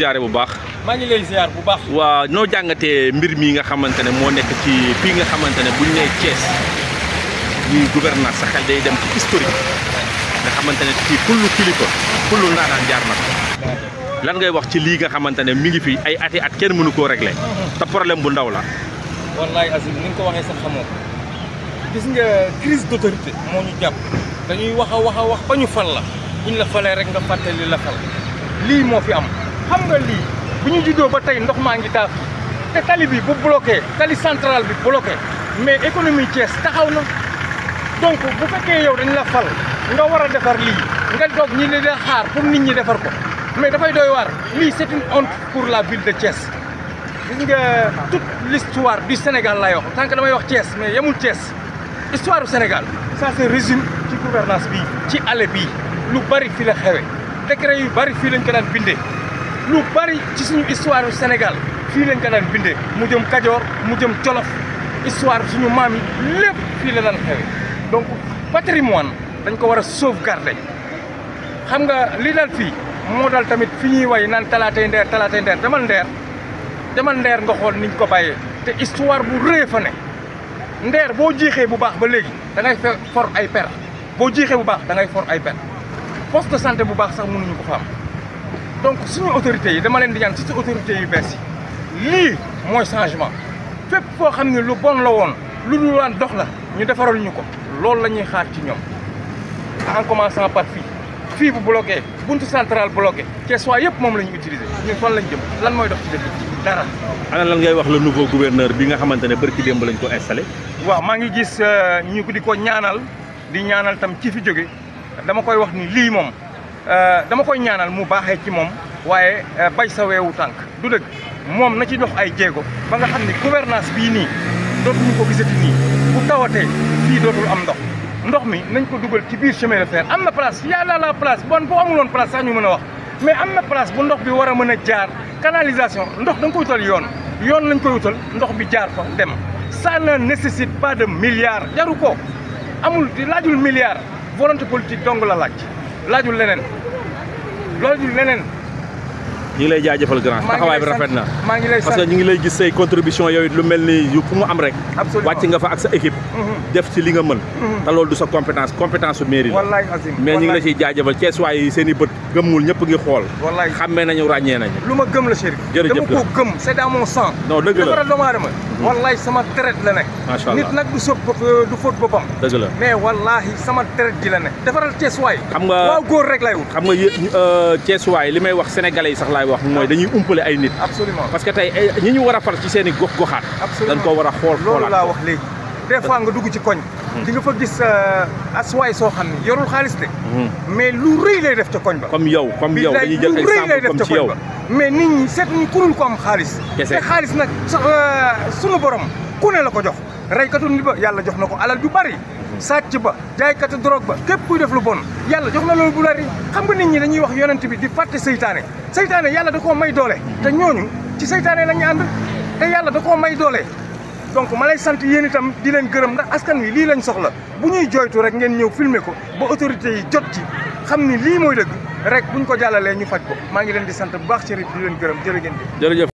ziare bu baax maa ngi lay bu baax waaw noo jàngatee mbir mi nga xamante ne moo nekk ci fii nga xamante ne buñ nee Thiès ñuy gouvernance sa day dem ci nga xamante ne ci kullu kilifa kullu ndaanaan jaar na lan ngay wax ci lii nga xamante ne mi ngi fi ay ati at kenn mënu koo réglé te problème bu ndaw la wallaay Azim ni nga ko waxee sax xamoo gis nga crise d'autorité moo ñu jàpp dañuy wax a wax a wax ba ñu fal la buñ la falee rek nga fàttali la fal lii moo fi am xam nga lii bu ñu juddoo ba tey ndox maa ngi taa fii te tali bi bu bloqué tali central bi bloqué mais économie Thiès taxaw na donc bu fekkee yow dañ la fal nga war a defar lii nga doog ñi ne la xaar pour nit ñi defar ko mais dafay doy waar lii c'est une honte pour la ville de Thiès. gis nga toute l'histoire du Sénégal laay wax tant que damay wax Thiès mais yemul Thiès histoire du Sénégal ça se résume ci gouvernance bi ci àll bi lu bari fi la xewe décret yu bari fii lañ ko daan bindee. lu bari ci suñu histoire Sénégal fii lañ ko daan bindee mu jëm Kajoor mu jëm Jolof histoire suñu maam yi lépp fii la daan xewee donc patrimoine dañ ko war a sauvegarder xam nga li daal fii moo daal tamit fi ñuy way naan talaatay ndeer talaatay ndeer demal ndeer demal ndeer nga xool niñ ko bàyyee te histoire bu rëy fa ne ndeer boo jiixee bu baax ba léegi da ngay for ay per boo jiixee bu baax da ngay for ay per poste de santé bu baax sax mënuñu ko fa donc suñu autorité yi dama leen di ñaan ci autorités yu bees yi lii mooy changement fépp foo xam ne lu bon la woon lu dul waan dox la ñu defaral ñu ko loolu la ñuy xaar ci ñoom en part par fii fii bu bloqué buntu central bloqué Ceesuwaay yëpp moom la ñu utilisé ñun fan lañ jëm lan mooy dox ci dëkk dara. ana lan ngay wax la le ko gouverneur bi nga xamante ne ci démb lañ ko installé. waaw maa ngi gis euh, ñu di ko ñaanal di ñaanal tam ci fi jóge dama koy wax ni lii moom. Euh, dama koy ñaanal mu baaxee ci moom waaye euh, bay sa weewu tànk du dëgg moom na ci dox ay jéego ba nga xam ni gouvernance bii nii dootuñu ko gisati nii bu tawatee fii dootul am ndox ndox mi nañ ko dugal ci biir chemin de fer am na place yàlla la place bon boo amuloon place sax ñu mën a wax mais am na place bu ndox bi war a mën a jaar canalisation ndox da nga ko wutal yoon yoon lañ koy wutal ndox bi jaar fa dem ça ne nécessite pas de milliard jaru ko amul di laajul milliard volonté politique dong la laaj laajul leneen laajul leneen. ñu ngi lay jaajëfal grand taxawaay bi rafet na parce que ñu ngi lay gis say contribution yooyu lu mel ni yu fu mu am rek wàcc nga fa ak sa équipe mhm. def ci li nga mën mhm. te loolu du sa compétence compétence su mairie la mais ñu ngi la ciy jaajëfal ceesuwaay yi seen i bët gëmmul ñëpp ngi xool xammee nañu ràññee nañu lu ma gëm la Chérif jërëjëf dama koo gëm c'est dans mon sang non dëgg la defara mhm. sama traite la nekk macha allah nit nag du sëb euh, du fóot boppam dëgg la mais wallahi sama traite ji la nekk defaral ceesuwaay xam nga waaw góor rek lay wut xam nga euh, ceesuwaay li may wax sénégalais yi sax laay laay wax mooy dañuy umpale ay nit absolument parce que tey eh, ñi ñu war a fal ci seen gox goxaat dañ ko war a xool xoolaat loolu laa wax léegi des fois nga dugg ci koñ hmm. di fa gis euh, aswaay soo xam ne yorul xaalis de hmm. mais lu rëy lay def ca koñ ba comme yow comme yow dañuy jël exemple comme ci yow mais nit ñi seet ñu kurul ko am xaalis te xaalis nag euh, sunu borom ku ne la ko jox reykatu nit ba yàlla jox na ko alal ju bari hmm. sàcc ba jaaykatu drogue ba képp kuy def lu bon yàlla jox na loolu bu bari xam nga nit ñi dañuy wax yonent bi di fàtte seytaane seytaane yàlla da koo may doole te ñooñu ci seytaane la ñu ànd te yàlla da koo may doole. donc ma lay sant yéen itam di leen gërëm ndax askan wi lii lañ soxla bu ñuy jooytu rek ngeen ñëw filme ko ba autorités yi jot ci xam ni lii mooy dëgg rek ñu ko jàllalee ñu faj ko maa ngi leen di sant bu baax Chérif di leen gërëm jërë ngeen jëf. jërëjëf.